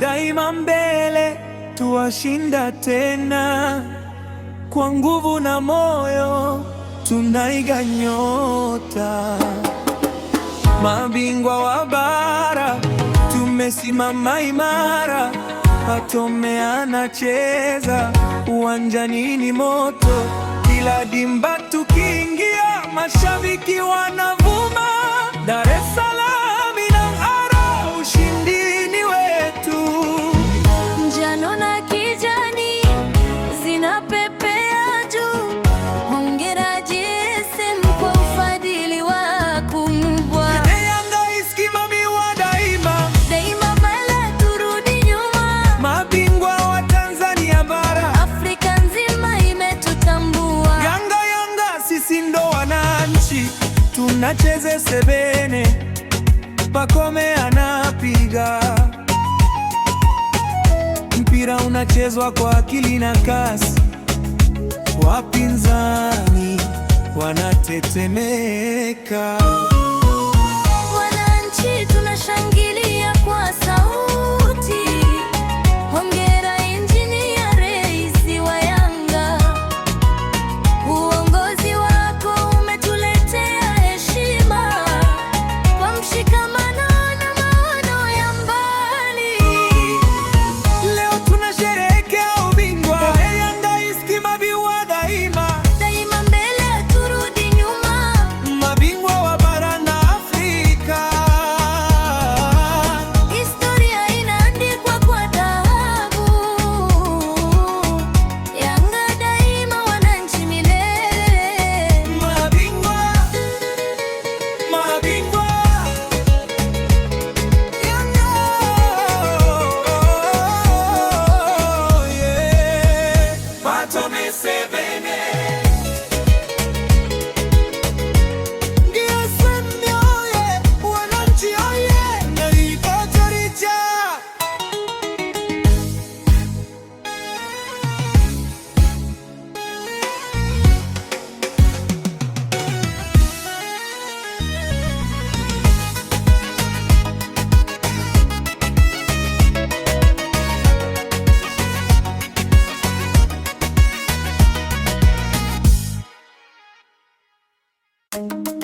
daima mbele, tuwashinda tena kwa nguvu na moyo, tunaiga nyota, mabingwa wa bara, tumesimama imara, patomeana anacheza, uwanjani ni moto, kila dimba tukiingia, mashabiki wanavuma Dar es Tunacheze sebene, Pakome anapiga mpira, unachezwa kwa akili na kasi, wapinzani wanatetemeka. Thank you.